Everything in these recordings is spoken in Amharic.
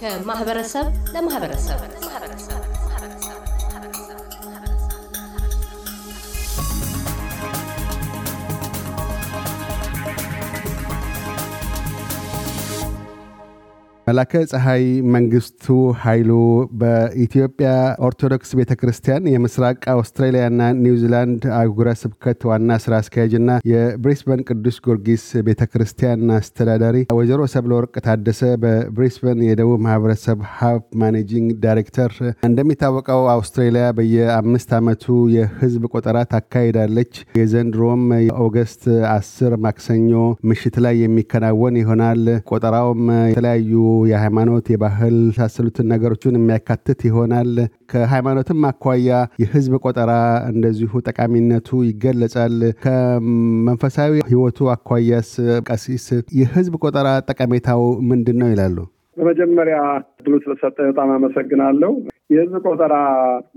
ከማህበረሰብ ለማህበረሰብ መላከ ፀሐይ መንግስቱ ኃይሉ በኢትዮጵያ ኦርቶዶክስ ቤተ ክርስቲያን የምስራቅ አውስትራሊያና ኒውዚላንድ አህጉረ ስብከት ዋና ስራ አስኪያጅና የብሪስበን ቅዱስ ጊዮርጊስ ቤተ ክርስቲያን አስተዳዳሪ፣ ወይዘሮ ሰብለወርቅ ታደሰ በብሪስበን የደቡብ ማህበረሰብ ሀብ ማኔጂንግ ዳይሬክተር። እንደሚታወቀው አውስትራሊያ በየአምስት ዓመቱ የህዝብ ቆጠራ ታካሂዳለች። የዘንድሮም የኦገስት አስር ማክሰኞ ምሽት ላይ የሚከናወን ይሆናል። ቆጠራውም የተለያዩ የሃይማኖት፣ የባህል ሳሰሉትን ነገሮችን የሚያካትት ይሆናል። ከሃይማኖትም አኳያ የህዝብ ቆጠራ እንደዚሁ ጠቃሚነቱ ይገለጻል። ከመንፈሳዊ ህይወቱ አኳያስ ቀሲስ የህዝብ ቆጠራ ጠቀሜታው ምንድን ነው ይላሉ? በመጀመሪያ ድሉ ስለሰጠ በጣም አመሰግናለሁ። የህዝብ ቆጠራ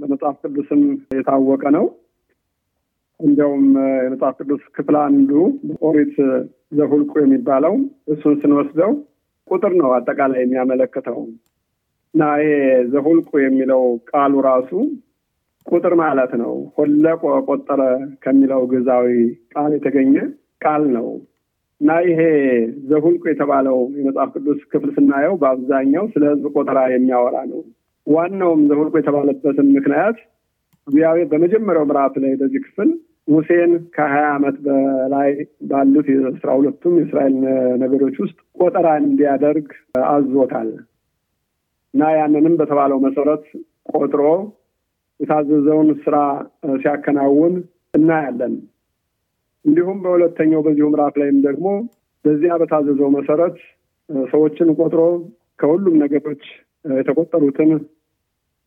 በመጽሐፍ ቅዱስም የታወቀ ነው። እንዲያውም የመጽሐፍ ቅዱስ ክፍል አንዱ ኦሪት ዘሁልቁ የሚባለው እሱን ስንወስደው ቁጥር ነው አጠቃላይ የሚያመለክተው እና ይሄ ዘሁልቁ የሚለው ቃሉ ራሱ ቁጥር ማለት ነው። ሆለቆ ቆጠረ ከሚለው ግዛዊ ቃል የተገኘ ቃል ነው እና ይሄ ዘሁልቁ የተባለው የመጽሐፍ ቅዱስ ክፍል ስናየው በአብዛኛው ስለ ሕዝብ ቆጠራ የሚያወራ ነው። ዋናውም ዘሁልቁ የተባለበትን ምክንያት እግዚአብሔር በመጀመሪያው ምዕራፍ ላይ በዚህ ክፍል ሙሴን ከሀያ ዓመት በላይ ባሉት የአስራ ሁለቱም የእስራኤል ነገዶች ውስጥ ቆጠራ እንዲያደርግ አዞታል እና ያንንም በተባለው መሰረት ቆጥሮ የታዘዘውን ስራ ሲያከናውን እናያለን። እንዲሁም በሁለተኛው በዚሁ ምራፍ ላይም ደግሞ በዚያ በታዘዘው መሰረት ሰዎችን ቆጥሮ ከሁሉም ነገዶች የተቆጠሩትን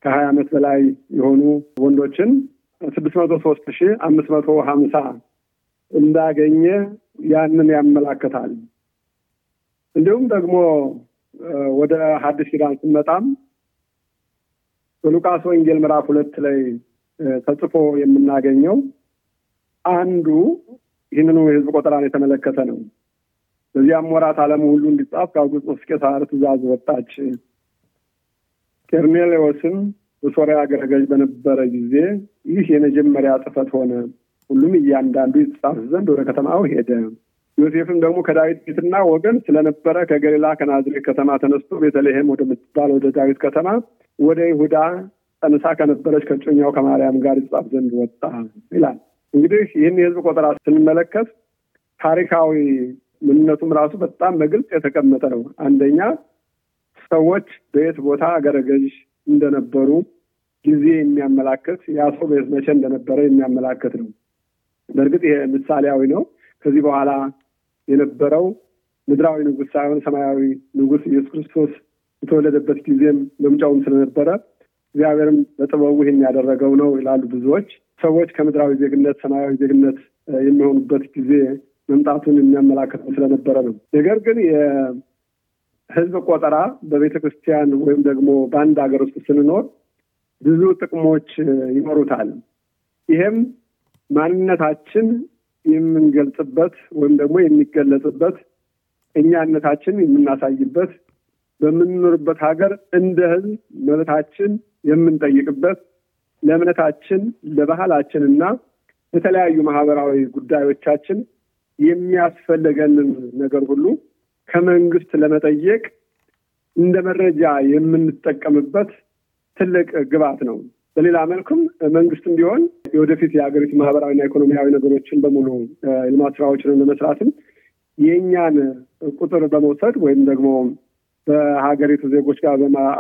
ከሀያ ዓመት በላይ የሆኑ ወንዶችን ስድስት መቶ ሶስት ሺ አምስት መቶ ሀምሳ እንዳገኘ ያንን ያመላክታል። እንዲሁም ደግሞ ወደ ሐዲስ ኪዳን ስንመጣም በሉቃስ ወንጌል ምዕራፍ ሁለት ላይ ተጽፎ የምናገኘው አንዱ ይህንኑ የህዝብ ቆጠራን የተመለከተ ነው። በዚያም ወራት አለም ሁሉ እንዲጻፍ ከአውግስጦስ ቄሳር ትእዛዝ ወጣች። ቄርኔሌዎስም በሶሪያ አገረ ገዥ በነበረ ጊዜ ይህ የመጀመሪያ ጥፈት ሆነ። ሁሉም እያንዳንዱ ይጻፍ ዘንድ ወደ ከተማው ሄደ። ዮሴፍም ደግሞ ከዳዊት ቤትና ወገን ስለነበረ ከገሊላ ከናዝሬት ከተማ ተነስቶ ቤተልሔም ወደምትባል ወደ ዳዊት ከተማ ወደ ይሁዳ ጠንሳ ከነበረች ከጮኛው ከማርያም ጋር ይጻፍ ዘንድ ወጣ ይላል። እንግዲህ ይህን የህዝብ ቆጠራ ስንመለከት ታሪካዊ ምንነቱም ራሱ በጣም በግልጽ የተቀመጠ ነው። አንደኛ ሰዎች በየት ቦታ አገረ ገዥ እንደነበሩ ጊዜ የሚያመላክት ያ ሰው መቼ እንደነበረ የሚያመላክት ነው። በእርግጥ ይሄ ምሳሌያዊ ነው። ከዚህ በኋላ የነበረው ምድራዊ ንጉስ ሳይሆን ሰማያዊ ንጉስ ኢየሱስ ክርስቶስ የተወለደበት ጊዜም መምጫውም ስለነበረ እግዚአብሔርም በጥበቡ ይህን ያደረገው ነው ይላሉ ብዙዎች። ሰዎች ከምድራዊ ዜግነት ሰማያዊ ዜግነት የሚሆኑበት ጊዜ መምጣቱን የሚያመላክት ስለነበረ ነው። ነገር ግን ህዝብ ቆጠራ በቤተ ክርስቲያን ወይም ደግሞ በአንድ ሀገር ውስጥ ስንኖር ብዙ ጥቅሞች ይኖሩታል። ይሄም ማንነታችን የምንገልጽበት ወይም ደግሞ የሚገለጽበት እኛነታችን የምናሳይበት በምንኖርበት ሀገር እንደ ህዝብ መብታችን የምንጠይቅበት ለእምነታችን ለባህላችን እና ለተለያዩ ማህበራዊ ጉዳዮቻችን የሚያስፈልገንን ነገር ሁሉ ከመንግስት ለመጠየቅ እንደ መረጃ የምንጠቀምበት ትልቅ ግብዓት ነው። በሌላ መልኩም መንግስትም ቢሆን የወደፊት የሀገሪቱ ማህበራዊና ኢኮኖሚያዊ ነገሮችን በሙሉ ልማት ስራዎችን ለመስራትም የእኛን ቁጥር በመውሰድ ወይም ደግሞ በሀገሪቱ ዜጎች ጋር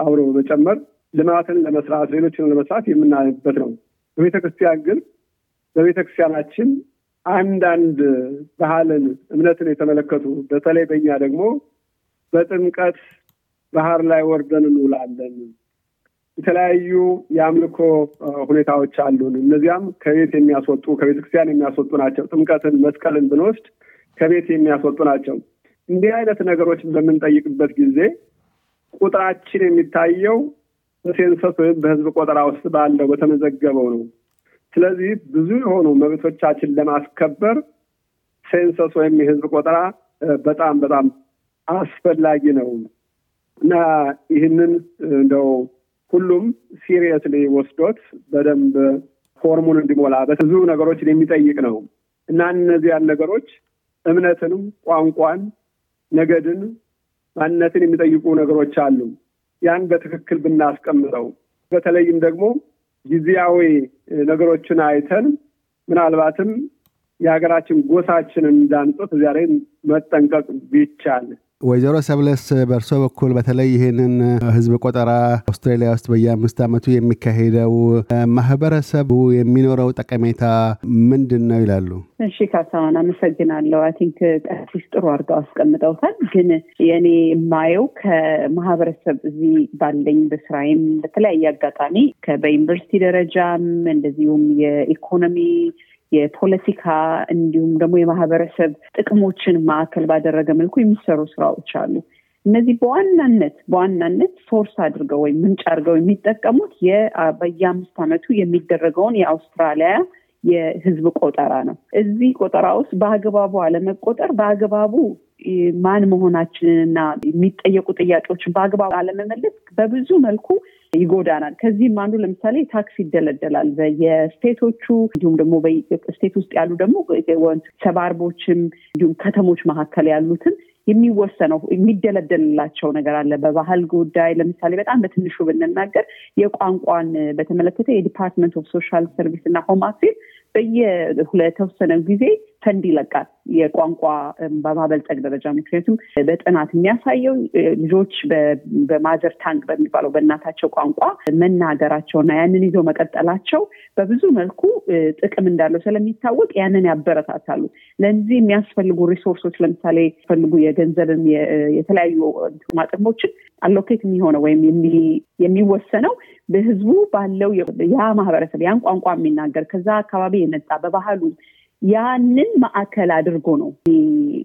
አብሮ በመጨመር ልማትን ለመስራት ሌሎችን ለመስራት የምናይበት ነው። በቤተክርስቲያን ግን በቤተክርስቲያናችን አንዳንድ ባህልን እምነትን የተመለከቱ በተለይ በኛ ደግሞ በጥምቀት ባህር ላይ ወርደን እንውላለን። የተለያዩ የአምልኮ ሁኔታዎች አሉን። እነዚያም ከቤት የሚያስወጡ ከቤተክርስቲያን የሚያስወጡ ናቸው። ጥምቀትን፣ መስቀልን ብንወስድ ከቤት የሚያስወጡ ናቸው። እንዲህ አይነት ነገሮችን በምንጠይቅበት ጊዜ ቁጥራችን የሚታየው በሴንሰስ ወይም በህዝብ ቆጠራ ውስጥ ባለው በተመዘገበው ነው። ስለዚህ ብዙ የሆኑ መብቶቻችን ለማስከበር ሴንሰስ ወይም የህዝብ ቆጠራ በጣም በጣም አስፈላጊ ነው እና ይህንን እንደው ሁሉም ሲሪየስሊ ወስዶት በደንብ ፎርሙን እንዲሞላ በብዙ ነገሮችን የሚጠይቅ ነው እና እነዚያን ነገሮች እምነትን፣ ቋንቋን፣ ነገድን፣ ማንነትን የሚጠይቁ ነገሮች አሉ። ያን በትክክል ብናስቀምጠው በተለይም ደግሞ ጊዜያዊ ነገሮችን አይተን ምናልባትም የሀገራችን ጎሳችንን እንዳንጦት እዚያ ላይ መጠንቀቅ ቢቻል ወይዘሮ ሰብለስ በእርሶ በኩል በተለይ ይህንን ህዝብ ቆጠራ አውስትራሊያ ውስጥ በየአምስት ዓመቱ የሚካሄደው ማህበረሰቡ የሚኖረው ጠቀሜታ ምንድን ነው ይላሉ? እሺ ካሳሁን አመሰግናለሁ። አይ ቲንክ ቀሲስ ጥሩ አድርገው አስቀምጠውታል። ግን የእኔ የማየው ከማህበረሰብ እዚህ ባለኝ በስራዬም በተለያየ አጋጣሚ በዩኒቨርሲቲ ደረጃም እንደዚሁም የኢኮኖሚ የፖለቲካ እንዲሁም ደግሞ የማህበረሰብ ጥቅሞችን ማዕከል ባደረገ መልኩ የሚሰሩ ስራዎች አሉ። እነዚህ በዋናነት በዋናነት ሶርስ አድርገው ወይም ምንጭ አድርገው የሚጠቀሙት በየአምስት ዓመቱ የሚደረገውን የአውስትራሊያ የህዝብ ቆጠራ ነው። እዚህ ቆጠራ ውስጥ በአግባቡ አለመቆጠር፣ በአግባቡ ማን መሆናችንንና የሚጠየቁ ጥያቄዎችን በአግባቡ አለመመለስ በብዙ መልኩ ይጎዳናል። ከዚህም አንዱ ለምሳሌ ታክስ ይደለደላል በየስቴቶቹ እንዲሁም ደግሞ ስቴት ውስጥ ያሉ ደግሞ ሰባርቦችም እንዲሁም ከተሞች መካከል ያሉትን የሚወሰነው የሚደለደልላቸው ነገር አለ። በባህል ጉዳይ ለምሳሌ በጣም በትንሹ ብንናገር የቋንቋን በተመለከተ የዲፓርትመንት ኦፍ ሶሻል ሰርቪስ እና ሆም አፌር በየተወሰነ ጊዜ ፈንድ ይለቃል የቋንቋ በማበልጸግ ደረጃ። ምክንያቱም በጥናት የሚያሳየው ልጆች በማዘር ታንግ በሚባለው በእናታቸው ቋንቋ እና ያንን ይዘው መቀጠላቸው በብዙ መልኩ ጥቅም እንዳለው ስለሚታወቅ ያንን ያበረታታሉ። ለዚህ የሚያስፈልጉ ሪሶርሶች ለምሳሌ ያስፈልጉ የገንዘብም የተለያዩ ማጥቅሞችን አሎኬት የሚሆነው ወይም የሚወሰነው በህዝቡ ባለው ያ ማህበረሰብ ያን ቋንቋ የሚናገር ከዛ አካባቢ የመጣ በባህሉ ያንን ማዕከል አድርጎ ነው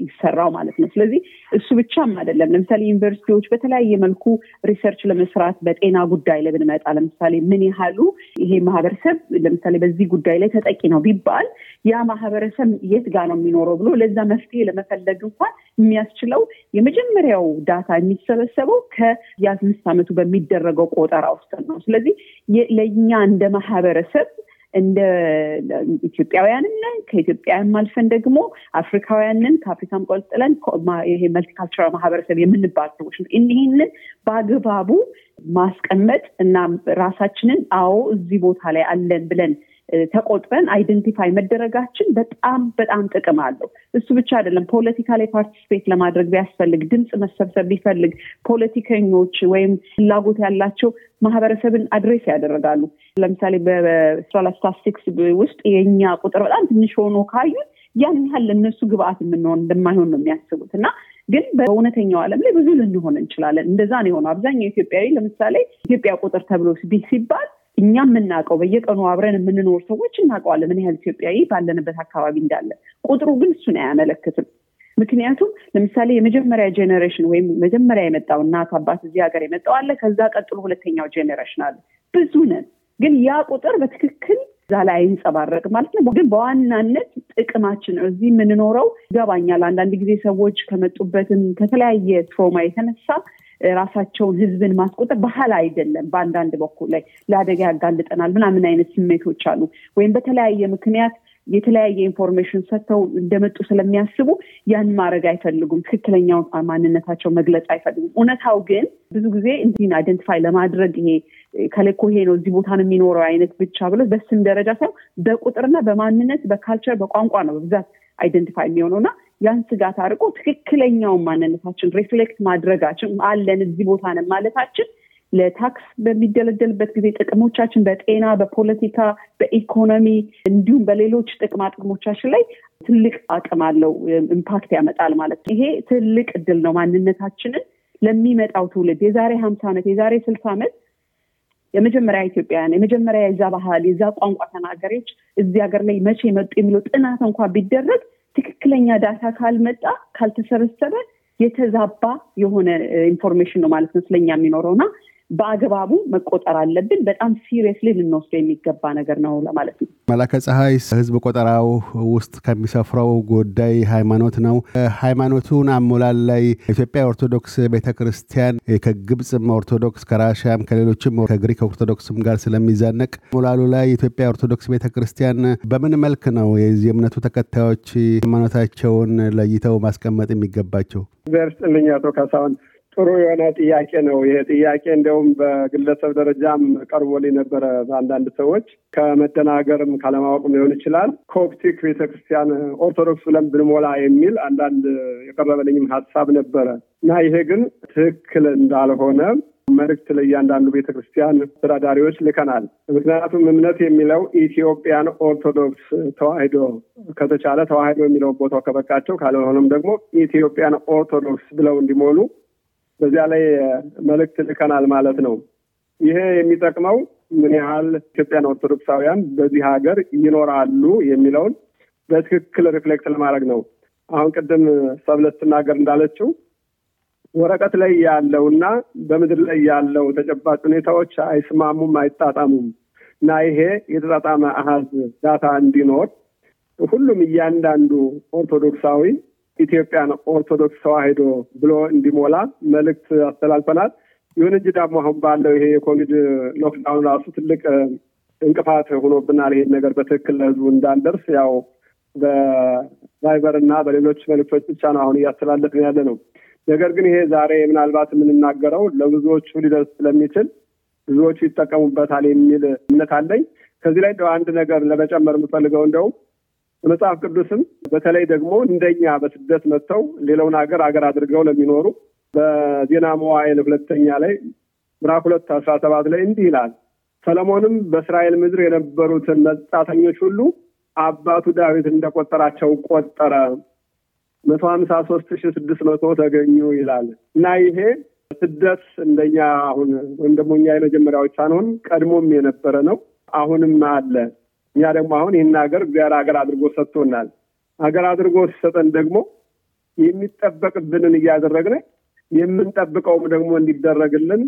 ይሰራው ማለት ነው። ስለዚህ እሱ ብቻም አይደለም። ለምሳሌ ዩኒቨርሲቲዎች በተለያየ መልኩ ሪሰርች ለመስራት በጤና ጉዳይ ላይ ብንመጣ ለምሳሌ ምን ያህሉ ይሄ ማህበረሰብ ለምሳሌ በዚህ ጉዳይ ላይ ተጠቂ ነው ቢባል ያ ማህበረሰብ የት ጋር ነው የሚኖረው ብሎ ለዛ መፍትሄ ለመፈለግ እንኳን የሚያስችለው የመጀመሪያው ዳታ የሚሰበሰበው ከየአምስት ዓመቱ በሚደረገው ቆጠራ ውስጥ ነው። ስለዚህ ለእኛ እንደ ማህበረሰብ እንደ ኢትዮጵያውያንን ከኢትዮጵያውያን አልፈን ደግሞ አፍሪካውያንን ከአፍሪካም ቆልጥለን ይሄ መልቲካልቸራል ማህበረሰብ የምንባል ሰዎች እኒህንን በአግባቡ ማስቀመጥ እና ራሳችንን አዎ እዚህ ቦታ ላይ አለን ብለን ተቆጥበን አይደንቲፋይ መደረጋችን በጣም በጣም ጥቅም አለው። እሱ ብቻ አይደለም። ፖለቲካ ላይ ፓርቲስፔት ለማድረግ ቢያስፈልግ፣ ድምፅ መሰብሰብ ቢፈልግ ፖለቲከኞች ወይም ፍላጎት ያላቸው ማህበረሰብን አድሬስ ያደረጋሉ። ለምሳሌ በአውስትራሊያ ውስጥ የእኛ ቁጥር በጣም ትንሽ ሆኖ ካዩት ያን ያህል ለእነሱ ግብአት የምንሆን እንደማይሆን ነው የሚያስቡት እና ግን በእውነተኛው ዓለም ላይ ብዙ ልንሆን እንችላለን። እንደዛ ነው የሆነው። አብዛኛው ኢትዮጵያዊ ለምሳሌ ኢትዮጵያ ቁጥር ተብሎ ሲባል እኛ የምናውቀው በየቀኑ አብረን የምንኖር ሰዎች እናውቀዋለን ምን ያህል ኢትዮጵያዊ ባለንበት አካባቢ እንዳለ። ቁጥሩ ግን እሱን አያመለክትም። ምክንያቱም ለምሳሌ የመጀመሪያ ጄኔሬሽን ወይም መጀመሪያ የመጣው እናት አባት እዚህ ሀገር የመጣው አለ። ከዛ ቀጥሎ ሁለተኛው ጀኔሬሽን አለ። ብዙ ነን፣ ግን ያ ቁጥር በትክክል እዛ ላይ አይንጸባረቅ ማለት ነው። ግን በዋናነት ጥቅማችን እዚህ የምንኖረው ይገባኛል። አንዳንድ ጊዜ ሰዎች ከመጡበትም ከተለያየ ትሮማ የተነሳ ራሳቸውን ህዝብን ማስቆጠር ባህል አይደለም። በአንዳንድ በኩል ላይ ለአደጋ ያጋልጠናል ምናምን አይነት ስሜቶች አሉ። ወይም በተለያየ ምክንያት የተለያየ ኢንፎርሜሽን ሰጥተው እንደመጡ ስለሚያስቡ ያን ማድረግ አይፈልጉም። ትክክለኛው ማንነታቸው መግለጽ አይፈልጉም። እውነታው ግን ብዙ ጊዜ እንዲህን አይደንቲፋይ ለማድረግ ይሄ ከሌኮ ይሄ ነው እዚህ ቦታ ነው የሚኖረው አይነት ብቻ ብሎ በስም ደረጃ ሳይሆን በቁጥርና በማንነት በካልቸር በቋንቋ ነው በብዛት አይደንቲፋይ የሚሆነው እና ያን ስጋት አርቆ ትክክለኛውን ማንነታችን ሪፍሌክት ማድረጋችን አለን እዚህ ቦታ ነን ማለታችን ለታክስ በሚደለደልበት ጊዜ ጥቅሞቻችን በጤና፣ በፖለቲካ፣ በኢኮኖሚ እንዲሁም በሌሎች ጥቅማ ጥቅሞቻችን ላይ ትልቅ አቅም አለው፣ ኢምፓክት ያመጣል ማለት ነው። ይሄ ትልቅ እድል ነው። ማንነታችንን ለሚመጣው ትውልድ የዛሬ ሀምሳ ዓመት የዛሬ ስልሳ ዓመት የመጀመሪያ ኢትዮጵያውያን የመጀመሪያ የዛ ባህል የዛ ቋንቋ ተናገሬች እዚህ ሀገር ላይ መቼ መጡ የሚለው ጥናት እንኳ ቢደረግ ትክክለኛ ዳታ ካልመጣ ካልተሰበሰበ የተዛባ የሆነ ኢንፎርሜሽን ነው ማለት ነው ስለኛ የሚኖረውና በአግባቡ መቆጠር አለብን። በጣም ሲሪየስሊ ልንወስደው የሚገባ ነገር ነው ለማለት ነው። መላከ ፀሐይ ህዝብ ቆጠራው ውስጥ ከሚሰፍረው ጉዳይ ሃይማኖት ነው። ሃይማኖቱን አሞላል ላይ ኢትዮጵያ ኦርቶዶክስ ቤተክርስቲያን ከግብፅም ኦርቶዶክስ ከራሽያም ከሌሎችም ከግሪክ ኦርቶዶክስም ጋር ስለሚዛነቅ ሞላሉ ላይ ኢትዮጵያ ኦርቶዶክስ ቤተክርስቲያን በምን መልክ ነው የዚህ እምነቱ ተከታዮች ሃይማኖታቸውን ለይተው ማስቀመጥ የሚገባቸው? ዘርስጥልኝ አቶ ካሳሁን ጥሩ የሆነ ጥያቄ ነው። ይሄ ጥያቄ እንደውም በግለሰብ ደረጃም ቀርቦልኝ ነበረ በአንዳንድ ሰዎች ከመደናገርም ካለማወቅም ሊሆን ይችላል። ኮፕቲክ ቤተክርስቲያን ኦርቶዶክስ ብለን ብንሞላ የሚል አንዳንድ የቀረበልኝም ሀሳብ ነበረ እና ይሄ ግን ትክክል እንዳልሆነ መልእክት ለእያንዳንዱ ቤተክርስቲያን አስተዳዳሪዎች ልከናል። ምክንያቱም እምነት የሚለው ኢትዮጵያን ኦርቶዶክስ ተዋህዶ ከተቻለ ተዋህዶ የሚለው ቦታው ከበቃቸው፣ ካልሆነም ደግሞ ኢትዮጵያን ኦርቶዶክስ ብለው እንዲሞሉ በዚያ ላይ መልእክት ልከናል ማለት ነው። ይሄ የሚጠቅመው ምን ያህል ኢትዮጵያን ኦርቶዶክሳውያን በዚህ ሀገር ይኖራሉ የሚለውን በትክክል ሪፍሌክት ለማድረግ ነው። አሁን ቅድም ሰብለት ስናገር እንዳለችው ወረቀት ላይ ያለው እና በምድር ላይ ያለው ተጨባጭ ሁኔታዎች አይስማሙም፣ አይጣጣሙም እና ይሄ የተጣጣመ አሃዝ ዳታ እንዲኖር ሁሉም እያንዳንዱ ኦርቶዶክሳዊ ኢትዮጵያን ኦርቶዶክስ ተዋሕዶ ብሎ እንዲሞላ መልእክት አስተላልፈናል። ይሁን እንጂ ደግሞ አሁን ባለው ይሄ የኮቪድ ሎክዳውን ራሱ ትልቅ እንቅፋት ሆኖብናል። ይሄን ነገር በትክክል ለህዝቡ እንዳንደርስ ያው በቫይበር እና በሌሎች መልእክቶች ብቻ ነው አሁን እያስተላለፍን ያለ ነው። ነገር ግን ይሄ ዛሬ ምናልባት የምንናገረው ለብዙዎቹ ሊደርስ ስለሚችል ብዙዎቹ ይጠቀሙበታል የሚል እምነት አለኝ። ከዚህ ላይ እንደው አንድ ነገር ለመጨመር የምፈልገው እንደውም መጽሐፍ ቅዱስም በተለይ ደግሞ እንደኛ በስደት መጥተው ሌላውን ሀገር ሀገር አድርገው ለሚኖሩ በዜና መዋዕል ሁለተኛ ላይ ምዕራፍ ሁለት አስራ ሰባት ላይ እንዲህ ይላል ሰለሞንም በእስራኤል ምድር የነበሩትን መጻተኞች ሁሉ አባቱ ዳዊት እንደቆጠራቸው ቆጠረ። መቶ ሀምሳ ሶስት ሺ ስድስት መቶ ተገኙ ይላል እና ይሄ ስደት እንደኛ አሁን ወይም ደግሞ እኛ የመጀመሪያዎች አንሆን ቀድሞም የነበረ ነው፣ አሁንም አለ። እኛ ደግሞ አሁን ይህን ሀገር እግዚአብሔር ሀገር አድርጎ ሰጥቶናል። ሀገር አድርጎ ሲሰጠን ደግሞ የሚጠበቅብንን እያደረግን የምንጠብቀውም ደግሞ እንዲደረግልን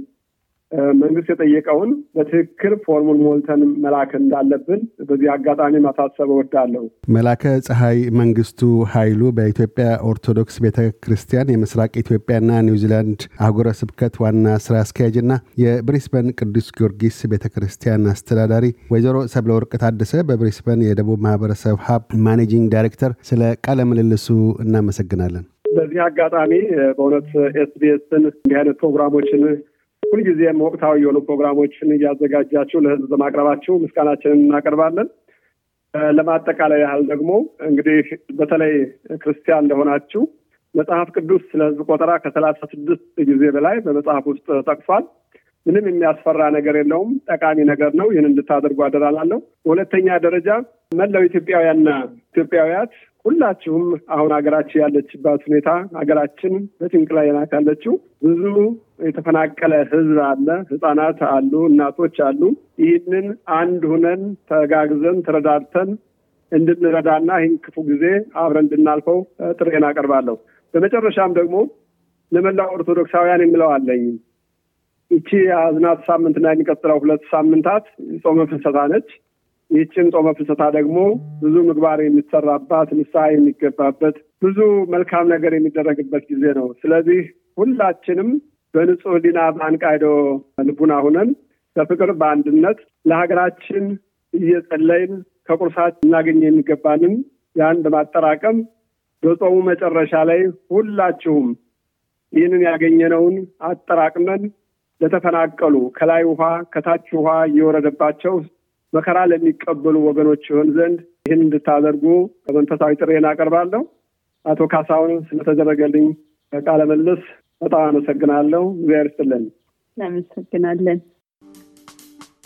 መንግስት የጠየቀውን በትክክል ፎርሙል ሞልተን መላክ እንዳለብን በዚህ አጋጣሚ ማሳሰብ እወዳለሁ። መላከ ፀሐይ መንግስቱ ኃይሉ በኢትዮጵያ ኦርቶዶክስ ቤተ ክርስቲያን የምስራቅ ኢትዮጵያና ኒውዚላንድ አህጉረ ስብከት ዋና ስራ አስኪያጅና የብሪስበን ቅዱስ ጊዮርጊስ ቤተ ክርስቲያን አስተዳዳሪ፣ ወይዘሮ ሰብለ ወርቅ ታደሰ በብሪስበን የደቡብ ማህበረሰብ ሀብ ማኔጂንግ ዳይሬክተር፣ ስለ ቃለ ምልልሱ እናመሰግናለን። በዚህ አጋጣሚ በእውነት ኤስቢኤስን እንዲህ አይነት ፕሮግራሞችን ሁልጊዜም ወቅታዊ የሆኑ ፕሮግራሞችን እያዘጋጃችሁ ለህዝብ በማቅረባችሁ ምስጋናችንን እናቀርባለን። ለማጠቃለያ ያህል ደግሞ እንግዲህ በተለይ ክርስቲያን እንደሆናችሁ መጽሐፍ ቅዱስ ስለ ህዝብ ቆጠራ ከሰላሳ ስድስት ጊዜ በላይ በመጽሐፍ ውስጥ ጠቅሷል። ምንም የሚያስፈራ ነገር የለውም። ጠቃሚ ነገር ነው። ይህን እንድታደርጉ አደራላለሁ። በሁለተኛ ደረጃ መላው ኢትዮጵያውያንና ኢትዮጵያውያት ሁላችሁም አሁን ሀገራችን ያለችባት ሁኔታ ሀገራችን በጭንቅ ላይ ናት ያለችው። ብዙ የተፈናቀለ ህዝብ አለ፣ ህጻናት አሉ፣ እናቶች አሉ። ይህንን አንድ ሁነን ተጋግዘን ተረዳድተን እንድንረዳና ይህን ክፉ ጊዜ አብረን እንድናልፈው ጥሬን አቀርባለሁ። በመጨረሻም ደግሞ ለመላው ኦርቶዶክሳውያን የምለው አለኝ። ይቺ የአዝናት ሳምንትና የሚቀጥለው ሁለት ሳምንታት ጾመ ፍልሰታ ነች። ይህችን ጾመ ፍልሰታ ደግሞ ብዙ ምግባር የሚሰራባት ንስሐ የሚገባበት ብዙ መልካም ነገር የሚደረግበት ጊዜ ነው። ስለዚህ ሁላችንም በንጹህ ሕሊና በአንቃይዶ ልቡና ሁነን በፍቅር በአንድነት ለሀገራችን እየጸለይን ከቁርሳት እናገኝ የሚገባንን ያን በማጠራቀም በጾሙ መጨረሻ ላይ ሁላችሁም ይህንን ያገኘነውን አጠራቅመን ለተፈናቀሉ ከላይ ውሃ ከታች ውሃ እየወረደባቸው መከራ ለሚቀበሉ ወገኖች ይሆን ዘንድ ይህን እንድታደርጉ በመንፈሳዊ ጥሬን አቀርባለሁ። አቶ ካሳሁን ስለተደረገልኝ ቃለ በጣም አመሰግናለሁ። እግዚአብሔር ይስጥልን። እናመሰግናለን።